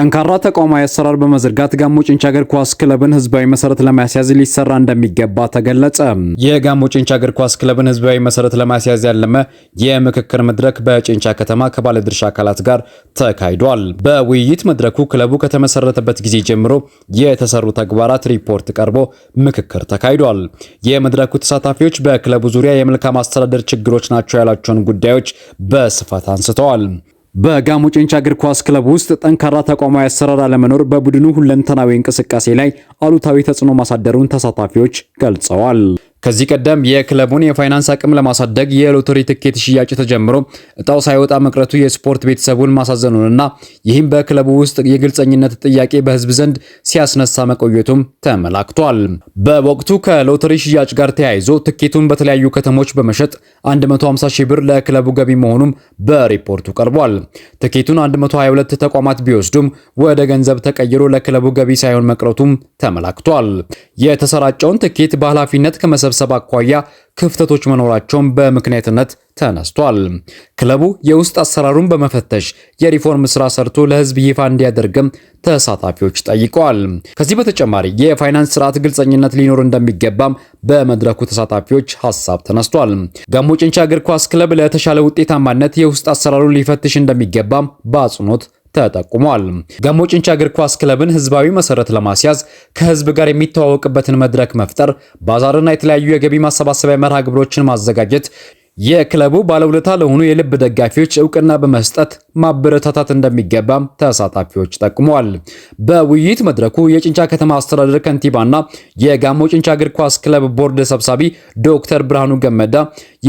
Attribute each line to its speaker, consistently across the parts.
Speaker 1: ጠንካራ ተቋማዊ አሰራር በመዘርጋት ጋሞ ጭንቻ እግር ኳስ ክለብን ህዝባዊ መሰረት ለማስያዝ ሊሰራ እንደሚገባ ተገለጸ።
Speaker 2: የጋሞ ጭንቻ እግር ኳስ ክለብን ህዝባዊ መሰረት ለማስያዝ ያለመ የምክክር መድረክ በጭንቻ ከተማ ከባለድርሻ አካላት ጋር ተካሂዷል። በውይይት መድረኩ ክለቡ ከተመሰረተበት ጊዜ ጀምሮ የተሰሩ ተግባራት ሪፖርት ቀርቦ ምክክር ተካሂዷል። የመድረኩ ተሳታፊዎች በክለቡ ዙሪያ የመልካም አስተዳደር ችግሮች ናቸው ያላቸውን ጉዳዮች በስፋት አንስተዋል።
Speaker 1: በጋሞ ጨንቻ እግር ኳስ ክለብ ውስጥ ጠንካራ ተቋማዊ አሰራር አለመኖር በቡድኑ ሁለንተናዊ እንቅስቃሴ ላይ አሉታዊ ተጽዕኖ ማሳደሩን ተሳታፊዎች ገልጸዋል።
Speaker 2: ከዚህ ቀደም የክለቡን የፋይናንስ አቅም ለማሳደግ የሎተሪ ትኬት ሽያጭ ተጀምሮ እጣው ሳይወጣ መቅረቱ የስፖርት ቤተሰቡን ማሳዘኑንና ይህም በክለቡ ውስጥ የግልጸኝነት ጥያቄ በህዝብ ዘንድ ሲያስነሳ መቆየቱም ተመላክቷል። በወቅቱ ከሎተሪ ሽያጭ ጋር ተያይዞ ትኬቱን በተለያዩ ከተሞች በመሸጥ 150 ሺህ ብር ለክለቡ ገቢ መሆኑም በሪፖርቱ ቀርቧል። ትኬቱን 122 ተቋማት ቢወስዱም ወደ ገንዘብ ተቀይሮ ለክለቡ ገቢ ሳይሆን መቅረቱም ተመላክቷል። የተሰራጨውን ትኬት በኃላፊነት ከመሰብ ከመሰብሰብ አኳያ ክፍተቶች መኖራቸውን በምክንያትነት ተነስቷል። ክለቡ የውስጥ አሰራሩን በመፈተሽ የሪፎርም ስራ ሰርቶ ለህዝብ ይፋ እንዲያደርግም ተሳታፊዎች ጠይቀዋል። ከዚህ በተጨማሪ የፋይናንስ ስርዓት ግልጸኝነት ሊኖር እንደሚገባም በመድረኩ ተሳታፊዎች ሀሳብ ተነስቷል። ጋሞ ጭንቻ እግር ኳስ ክለብ ለተሻለ ውጤታማነት የውስጥ አሰራሩን ሊፈትሽ እንደሚገባም በአጽንኦት ተጠቁሟል። ጋሞ ጭንቻ እግር ኳስ ክለብን ህዝባዊ መሰረት ለማስያዝ ከህዝብ ጋር የሚተዋወቅበትን መድረክ መፍጠር፣ ባዛርና የተለያዩ የገቢ ማሰባሰቢያ መርሃ ግብሮችን ማዘጋጀት የክለቡ ባለውለታ ለሆኑ የልብ ደጋፊዎች እውቅና በመስጠት ማበረታታት እንደሚገባም ተሳታፊዎች ጠቁመዋል። በውይይት መድረኩ የጭንቻ ከተማ አስተዳደር ከንቲባና የጋሞ ጭንቻ እግር ኳስ ክለብ ቦርድ ሰብሳቢ ዶክተር ብርሃኑ ገመዳ፣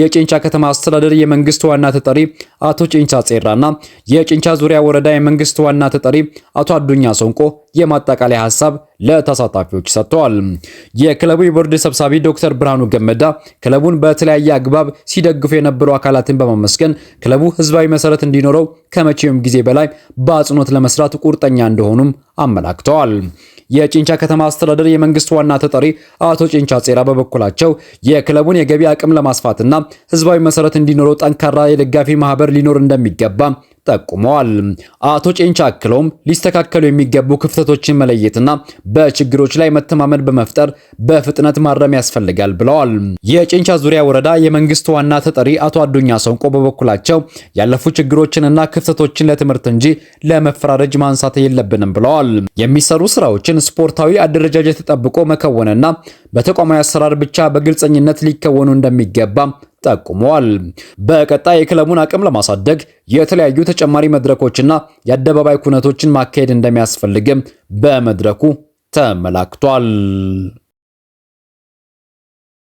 Speaker 2: የጭንቻ ከተማ አስተዳደር የመንግስት ዋና ተጠሪ አቶ ጭንቻ ጼራና የጭንቻ ዙሪያ ወረዳ የመንግስት ዋና ተጠሪ አቶ አዱኛ ሶንቆ የማጠቃለያ ሀሳብ ለተሳታፊዎች ሰጥተዋል። የክለቡ የቦርድ ሰብሳቢ ዶክተር ብርሃኑ ገመዳ ክለቡን በተለያየ አግባብ ሲደግፉ የነበሩ አካላትን በማመስገን ክለቡ ሕዝባዊ መሰረት እንዲኖረው ከመቼውም ጊዜ በላይ በአጽንኦት ለመስራት ቁርጠኛ እንደሆኑም አመላክተዋል። የጭንቻ ከተማ አስተዳደር የመንግስት ዋና ተጠሪ አቶ ጭንቻ ጼራ በበኩላቸው የክለቡን የገቢ አቅም ለማስፋትና ህዝባዊ መሰረት እንዲኖረው ጠንካራ የደጋፊ ማህበር ሊኖር እንደሚገባ ጠቁመዋል። አቶ ጨንቻ አክለውም ሊስተካከሉ የሚገቡ ክፍተቶችን መለየትና በችግሮች ላይ መተማመን በመፍጠር በፍጥነት ማረም ያስፈልጋል ብለዋል። የጨንቻ ዙሪያ ወረዳ የመንግስት ዋና ተጠሪ አቶ አዱኛ ሰንቆ በበኩላቸው ያለፉ ችግሮችንና ክፍተቶችን ለትምህርት እንጂ ለመፈራረጅ ማንሳት የለብንም ብለዋል። የሚሰሩ ስራዎችን ስፖርታዊ አደረጃጀት ተጠብቆ መከወንና በተቋማዊ አሰራር ብቻ በግልጸኝነት ሊከወኑ እንደሚገባ ጠቁመዋል። በቀጣይ የክለቡን አቅም ለማሳደግ የተለያዩ ተጨማሪ መድረኮችና የአደባባይ ኩነቶችን ማካሄድ እንደሚያስፈልግም በመድረኩ ተመላክቷል።